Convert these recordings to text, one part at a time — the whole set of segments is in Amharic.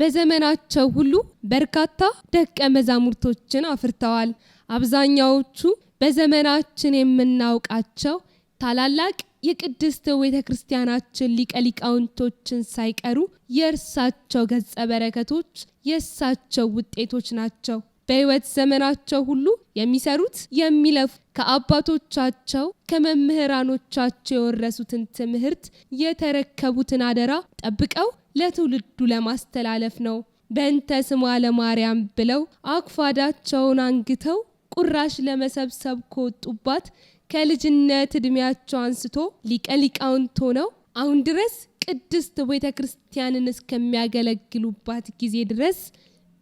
በዘመናቸው ሁሉ በርካታ ደቀ መዛሙርቶችን አፍርተዋል። አብዛኛዎቹ በዘመናችን የምናውቃቸው ታላላቅ የቅድስት ቤተ ክርስቲያናችን ሊቀ ሊቃውንቶችን ሳይቀሩ የእርሳቸው ገጸ በረከቶች የእሳቸው ውጤቶች ናቸው። በሕይወት ዘመናቸው ሁሉ የሚሰሩት የሚለፉ ከአባቶቻቸው ከመምህራኖቻቸው የወረሱትን ትምህርት የተረከቡትን አደራ ጠብቀው ለትውልዱ ለማስተላለፍ ነው። በእንተ ስማ ለማርያም ብለው አኩፋዳቸውን አንግተው ቁራሽ ለመሰብሰብ ከወጡባት ከልጅነት ዕድሜያቸው አንስቶ ሊቀ ሊቃውንት ሆነው አሁን ድረስ ቅድስት ቤተ ክርስቲያንን እስከሚያገለግሉባት ጊዜ ድረስ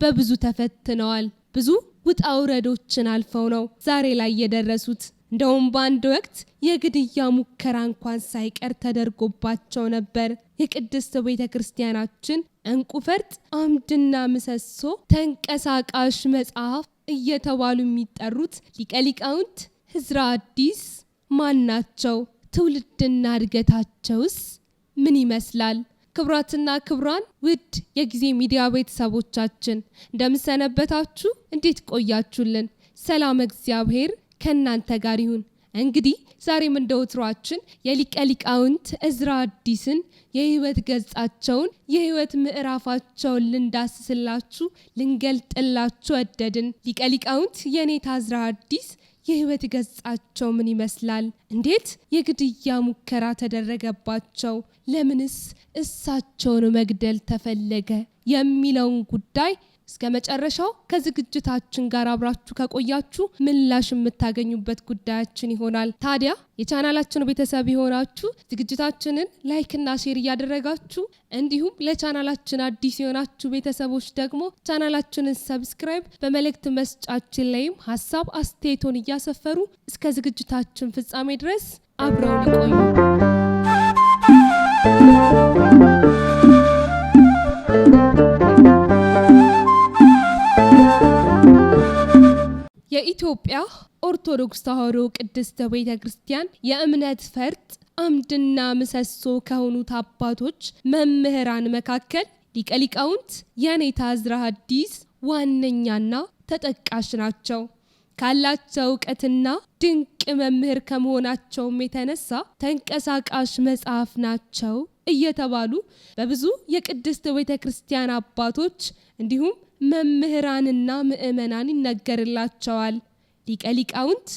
በብዙ ተፈትነዋል። ብዙ ውጣ ውረዶችን አልፈው ነው ዛሬ ላይ የደረሱት። እንደውም በአንድ ወቅት የግድያ ሙከራ እንኳን ሳይቀር ተደርጎባቸው ነበር። የቅድስት ቤተ ክርስቲያናችን እንቁ ፈርጥ፣ አምድና ምሰሶ፣ ተንቀሳቃሽ መጽሐፍ እየተባሉ የሚጠሩት ሊቀ ሊቃውንት ህዝራ አዲስ ማን ናቸው? ትውልድና እድገታቸውስ ምን ይመስላል? ክብራትና ክብራን ውድ የጊዜ ሚዲያ ቤተሰቦቻችን እንደምሰነበታችሁ፣ እንዴት ቆያችሁልን? ሰላም እግዚአብሔር ከእናንተ ጋር ይሁን። እንግዲህ ዛሬም እንደ ወትሯችን የሊቀ ሊቃውንት አዲስን የህይወት ገጻቸውን የህይወት ምዕራፋቸውን ልንዳስስላችሁ ልንገልጥላችሁ ወደድን። ሊቀ ሊቃውንት የኔታ እዝራ አዲስ የህይወት ገጻቸው ምን ይመስላል? እንዴት የግድያ ሙከራ ተደረገባቸው? ለምንስ እሳቸውን መግደል ተፈለገ? የሚለውን ጉዳይ እስከ መጨረሻው ከዝግጅታችን ጋር አብራችሁ ከቆያችሁ ምላሽ የምታገኙበት ጉዳያችን ይሆናል። ታዲያ የቻናላችን ቤተሰብ የሆናችሁ ዝግጅታችንን ላይክና ሼር እያደረጋችሁ እንዲሁም ለቻናላችን አዲስ የሆናችሁ ቤተሰቦች ደግሞ ቻናላችንን ሰብስክራይብ፣ በመልእክት መስጫችን ላይም ሀሳብ አስተያየቶን እያሰፈሩ እስከ ዝግጅታችን ፍጻሜ ድረስ አብረውን ይቆዩ። ኢትዮጵያ ኦርቶዶክስ ተዋሕዶ ቅድስተ ቤተ ክርስቲያን የእምነት ፈርጥ አምድና ምሰሶ ከሆኑት አባቶች መምህራን መካከል ሊቀ ሊቃውንት የኔታ ዕዝራ ሐዲስ ዋነኛና ተጠቃሽ ናቸው። ካላቸው እውቀትና ድንቅ መምህር ከመሆናቸውም የተነሳ ተንቀሳቃሽ መጽሐፍ ናቸው እየተባሉ በብዙ የቅድስት ቤተ ክርስቲያን አባቶች እንዲሁም መምህራንና ምእመናን ይነገርላቸዋል። ሊቀሊቃውንት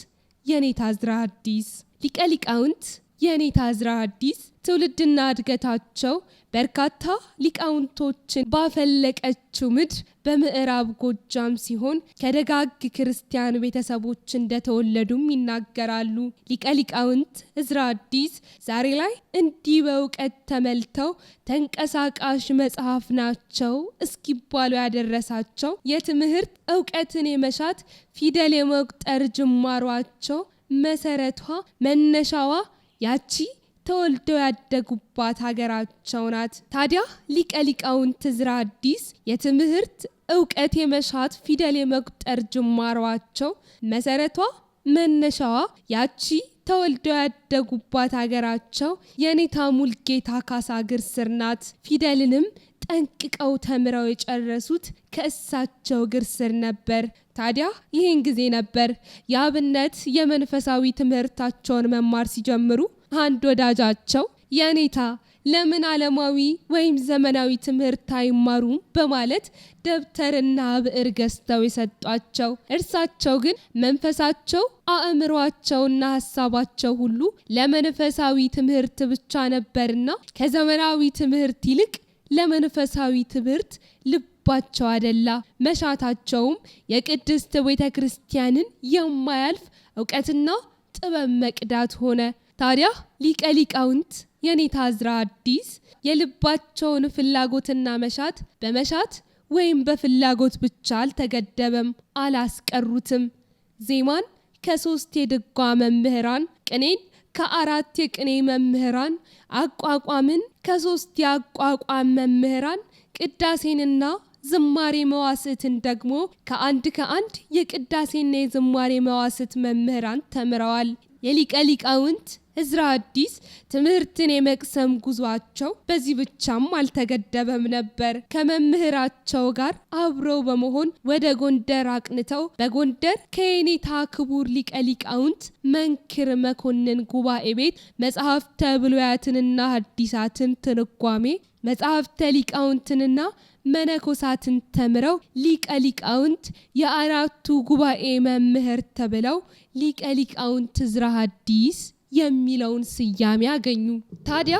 የኔታ ዕዝራ አዲስ ሊቀሊቃውንት የኔታ ዕዝራ አዲስ ትውልድና እድገታቸው በርካታ ሊቃውንቶችን ባፈለቀችው ምድር በምዕራብ ጎጃም ሲሆን ከደጋግ ክርስቲያን ቤተሰቦች እንደተወለዱም ይናገራሉ። ሊቀ ሊቃውንት እዝራ አዲስ ዛሬ ላይ እንዲህ በእውቀት ተመልተው ተንቀሳቃሽ መጽሐፍ ናቸው እስኪባሉ ያደረሳቸው የትምህርት እውቀትን የመሻት ፊደል የመቁጠር ጅማሯቸው መሰረቷ መነሻዋ ያቺ ተወልደው ያደጉባት ሀገራቸው ናት። ታዲያ ሊቀ ሊቃውንት አዲስ የትምህርት እውቀት የመሻት ፊደል የመቁጠር ጅማሯቸው መሰረቷ መነሻዋ ያቺ ተወልደው ያደጉባት ሀገራቸው የኔታ ሙልጌታ ካሳ እግር ስር ናት። ፊደልንም ጠንቅቀው ተምረው የጨረሱት ከእሳቸው እግር ስር ነበር። ታዲያ ይህን ጊዜ ነበር የአብነት የመንፈሳዊ ትምህርታቸውን መማር ሲጀምሩ አንድ ወዳጃቸው የኔታ ለምን ዓለማዊ ወይም ዘመናዊ ትምህርት አይማሩም በማለት ደብተርና ብዕር ገዝተው የሰጧቸው፣ እርሳቸው ግን መንፈሳቸው አእምሯቸውና ሀሳባቸው ሁሉ ለመንፈሳዊ ትምህርት ብቻ ነበርና ከዘመናዊ ትምህርት ይልቅ ለመንፈሳዊ ትምህርት ልባቸው አደላ። መሻታቸውም የቅድስት ቤተ ክርስቲያንን የማያልፍ እውቀትና ጥበብ መቅዳት ሆነ። ታዲያ ሊቀ ሊቃውንት የኔታ ዝራ አዲስ የልባቸውን ፍላጎትና መሻት በመሻት ወይም በፍላጎት ብቻ አልተገደበም፣ አላስቀሩትም። ዜማን ከሶስት የድጓ መምህራን፣ ቅኔን ከአራት የቅኔ መምህራን፣ አቋቋምን ከሶስት የአቋቋም መምህራን፣ ቅዳሴንና ዝማሬ መዋስትን ደግሞ ከአንድ ከአንድ የቅዳሴና የዝማሬ መዋስት መምህራን ተምረዋል። የሊቀ ሊቃውንት እዝራ አዲስ ትምህርትን የመቅሰም ጉዟቸው በዚህ ብቻም አልተገደበም ነበር። ከመምህራቸው ጋር አብረው በመሆን ወደ ጎንደር አቅንተው በጎንደር ከየኔታ ክቡር ሊቀ ሊቃውንት መንክር መኮንን ጉባኤ ቤት መጽሐፍተ ብሉያትንና ሐዲሳትን ትንጓሜ መጽሐፍተ ሊቃውንትንና መነኮሳትን ተምረው ሊቀ ሊቃውንት የአራቱ ጉባኤ መምህር ተብለው ሊቀ ሊቃውንት ዕዝራ ሐዲስ የሚለውን ስያሜ አገኙ። ታዲያ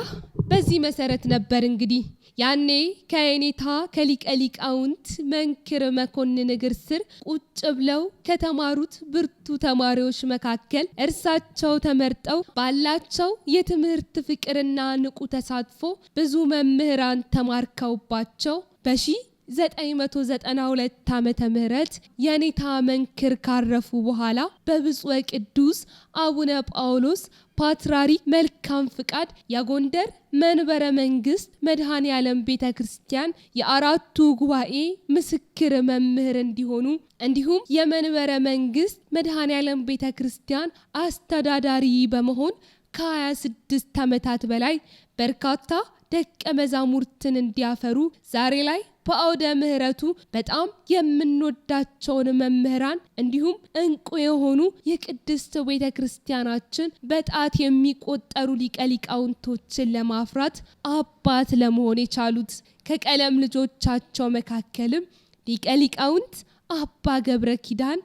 በዚህ መሰረት ነበር እንግዲህ ያኔ ከየኔታ ከሊቀ ሊቃውንት መንክር መኮንን እግር ስር ቁጭ ብለው ከተማሩት ብርቱ ተማሪዎች መካከል እርሳቸው ተመርጠው ባላቸው የትምህርት ፍቅርና ንቁ ተሳትፎ ብዙ መምህራን ተማርከውባቸው በሺ 992 ዓመተ ምህረት የኔታ መንክር ካረፉ በኋላ በብፁዕ ቅዱስ አቡነ ጳውሎስ ፓትራሪ መልካም ፍቃድ የጎንደር መንበረ መንግስት መድኃኔ ዓለም ቤተ ክርስቲያን የአራቱ ጉባኤ ምስክር መምህር እንዲሆኑ እንዲሁም የመንበረ መንግስት መድኃኔ ዓለም ቤተ ክርስቲያን አስተዳዳሪ በመሆን ከ26 ዓመታት በላይ በርካታ ደቀ መዛሙርትን እንዲያፈሩ ዛሬ ላይ በአውደ ምሕረቱ በጣም የምንወዳቸውን መምህራን እንዲሁም እንቁ የሆኑ የቅድስት ቤተ ክርስቲያናችን በጣት የሚቆጠሩ ሊቀ ሊቃውንቶችን ለማፍራት አባት ለመሆን የቻሉት ከቀለም ልጆቻቸው መካከልም ሊቀ ሊቃውንት አባ ገብረ ኪዳን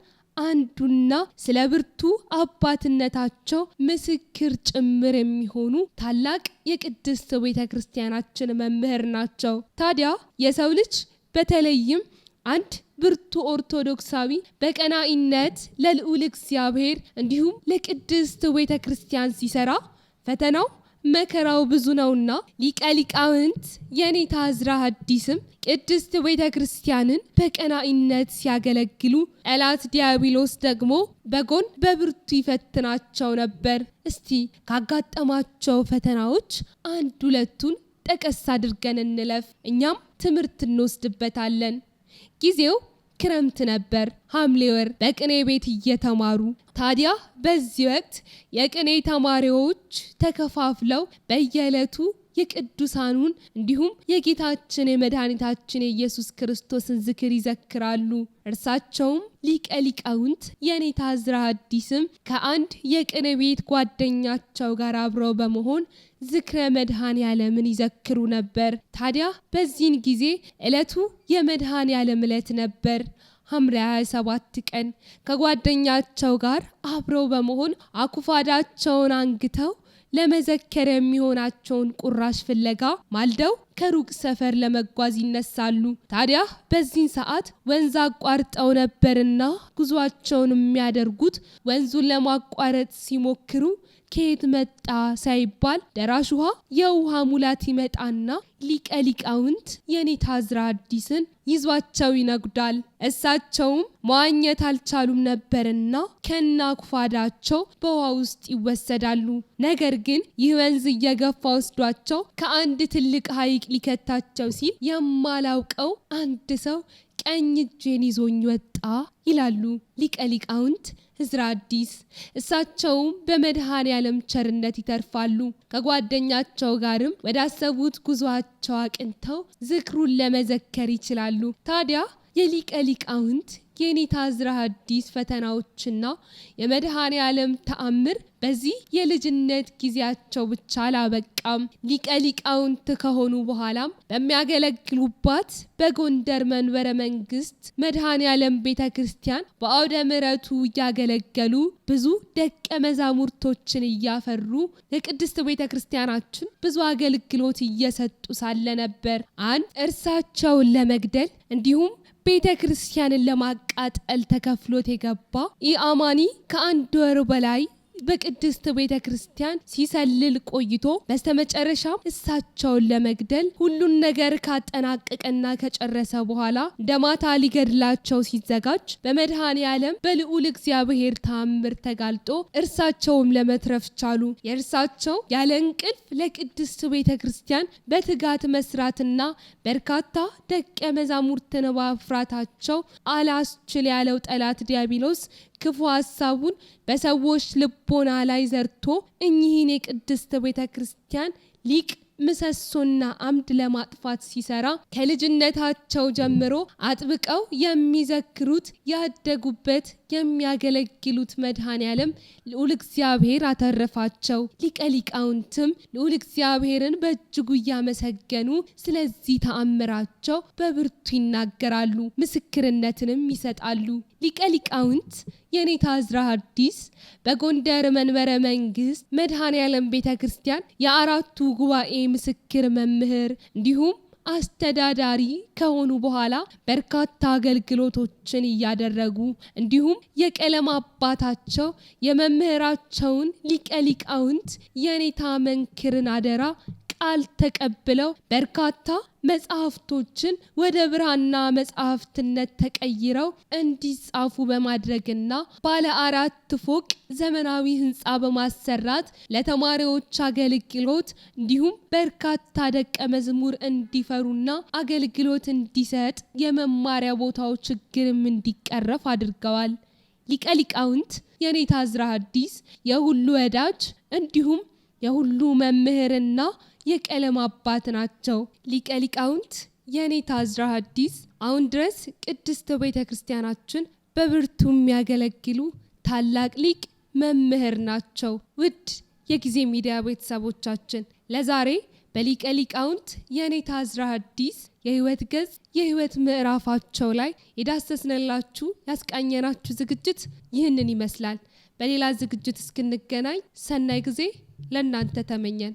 አንዱና ስለ ብርቱ አባትነታቸው ምስክር ጭምር የሚሆኑ ታላቅ የቅድስት ቤተ ክርስቲያናችን መምህር ናቸው። ታዲያ የሰው ልጅ በተለይም አንድ ብርቱ ኦርቶዶክሳዊ በቀናኢነት ለልዑል እግዚአብሔር እንዲሁም ለቅድስት ቤተ ክርስቲያን ሲሰራ ፈተናው መከራው ብዙ ነውና ሊቀ ሊቃውንት የኔታ ታዝራ አዲስም ቅድስት ቤተ ክርስቲያንን በቀናኢነት ሲያገለግሉ ጠላት ዲያብሎስ ደግሞ በጎን በብርቱ ይፈትናቸው ነበር። እስቲ ካጋጠማቸው ፈተናዎች አንድ ሁለቱን ጠቀስ አድርገን እንለፍ፣ እኛም ትምህርት እንወስድበታለን። ጊዜው ክረምት ነበር፣ ሐምሌ ወር በቅኔ ቤት እየተማሩ ታዲያ በዚህ ወቅት የቅኔ ተማሪዎች ተከፋፍለው በየዕለቱ የቅዱሳኑን እንዲሁም የጌታችን የመድኃኒታችን የኢየሱስ ክርስቶስን ዝክር ይዘክራሉ። እርሳቸውም ሊቀ ሊቃውንት የኔታ ዝራ አዲስም ከአንድ የቅኔ ቤት ጓደኛቸው ጋር አብረው በመሆን ዝክረ መድኃኔ ዓለምን ይዘክሩ ነበር። ታዲያ በዚህን ጊዜ ዕለቱ የመድኃኔ ዓለም ዕለት ነበር። ሐምሌ 27 ቀን ከጓደኛቸው ጋር አብረው በመሆን አኩፋዳቸውን አንግተው ለመዘከር የሚሆናቸውን ቁራሽ ፍለጋ ማልደው ከሩቅ ሰፈር ለመጓዝ ይነሳሉ። ታዲያ በዚህን ሰዓት ወንዝ አቋርጠው ነበርና ጉዟቸውን የሚያደርጉት ወንዙን ለማቋረጥ ሲሞክሩ ከየት መጣ ሳይባል ደራሽ ውሃ የውሃ ሙላት ይመጣና ሊቀ ሊቃውንት የኔታ ታዝራ አዲስን ይዟቸው ይነጉዳል። እሳቸውም መዋኘት አልቻሉም ነበርና ኩፋዳቸው በውሃ ውስጥ ይወሰዳሉ። ነገር ግን ይህ ወንዝ እየገፋ ወስዷቸው ከአንድ ትልቅ ሐይቅ ሊከታቸው ሲል የማላውቀው አንድ ሰው ቀኝ እጄን ይዞኝ ወጣ ይላሉ ሊቀ ሊቃውንት ህዝራ አዲስ። እሳቸውም በመድኃኔ ዓለም ቸርነት ይተርፋሉ። ከጓደኛቸው ጋርም ወዳሰቡት ጉዞአቸው አቅንተው ዝክሩን ለመዘከር ይችላሉ። ታዲያ የሊቀ ሊቃውንት የኔታ ዕዝራ አዲስ ፈተናዎችና የመድኃኔ ዓለም ተአምር በዚህ የልጅነት ጊዜያቸው ብቻ አላበቃም። ሊቀ ሊቃውንት ከሆኑ በኋላም በሚያገለግሉባት በጎንደር መንበረ መንግስት መድኃኔ ዓለም ቤተ ክርስቲያን በአውደ ምረቱ እያገለገሉ ብዙ ደቀ መዛሙርቶችን እያፈሩ ለቅድስት ቤተ ክርስቲያናችን ብዙ አገልግሎት እየሰጡ ሳለ ነበር። አንድ እርሳቸውን ለመግደል እንዲሁም ቤተ ክርስቲያንን ለማ መቃጠል ተከፍሎት የገባ ኢአማኒ ከአንድ ወር በላይ በቅድስት ቤተ ክርስቲያን ሲሰልል ቆይቶ በስተመጨረሻም እሳቸውን ለመግደል ሁሉን ነገር ካጠናቀቀና ከጨረሰ በኋላ ደማታ ሊገድላቸው ሲዘጋጅ በመድኃኔ ዓለም በልዑል እግዚአብሔር ተአምር ተጋልጦ እርሳቸውም ለመትረፍ ቻሉ። የእርሳቸው ያለ እንቅልፍ ለቅድስት ቤተ ክርስቲያን በትጋት መስራትና በርካታ ደቀ መዛሙርትን ማፍራታቸው አላስችል ያለው ጠላት ዲያብሎስ ክፉ ሀሳቡን በሰዎች ልብ ልቦና ላይ ዘርቶ እኚህን የቅድስት ቤተ ክርስቲያን ሊቅ ምሰሶና አምድ ለማጥፋት ሲሰራ ከልጅነታቸው ጀምሮ አጥብቀው የሚዘክሩት ያደጉበት የሚያገለግሉት መድኃኔ ዓለም ልዑል እግዚአብሔር አተረፋቸው። ሊቀ ሊቃውንትም ልዑል እግዚአብሔርን በእጅጉ እያመሰገኑ ስለዚህ ተአምራቸው በብርቱ ይናገራሉ፣ ምስክርነትንም ይሰጣሉ። ሊቀ ሊቃውንት የኔታ ዝራ ሐዲስ በጎንደር መንበረ መንግስት መድኃኔ ዓለም ቤተ ክርስቲያን የአራቱ ጉባኤ የምስክር መምህር እንዲሁም አስተዳዳሪ ከሆኑ በኋላ በርካታ አገልግሎቶችን እያደረጉ እንዲሁም የቀለም አባታቸው የመምህራቸውን ሊቀ ሊቃውንት የኔታ መንክርን አደራ ቃል ተቀብለው በርካታ መጽሐፍቶችን ወደ ብራና መጽሐፍትነት ተቀይረው እንዲጻፉ በማድረግና ባለ አራት ፎቅ ዘመናዊ ህንፃ በማሰራት ለተማሪዎች አገልግሎት እንዲሁም በርካታ ደቀ መዝሙር እንዲፈሩና አገልግሎት እንዲሰጥ የመማሪያ ቦታው ችግርም እንዲቀረፍ አድርገዋል። ሊቀ ሊቃውንት የኔታ ዝራ አዲስ የሁሉ ወዳጅ እንዲሁም የሁሉ መምህርና የቀለም አባት ናቸው። ሊቀ ሊቃውንት የኔታ ዕዝራ ሐዲስ አሁን ድረስ ቅድስት ቤተ ክርስቲያናችን በብርቱ የሚያገለግሉ ታላቅ ሊቅ መምህር ናቸው። ውድ የጊዜ ሚዲያ ቤተሰቦቻችን ለዛሬ በሊቀ ሊቃውንት የኔታ ዕዝራ ሐዲስ የህይወት ገጽ የህይወት ምዕራፋቸው ላይ የዳሰስነላችሁ ያስቃኘናችሁ ዝግጅት ይህንን ይመስላል። በሌላ ዝግጅት እስክንገናኝ ሰናይ ጊዜ ለእናንተ ተመኘን።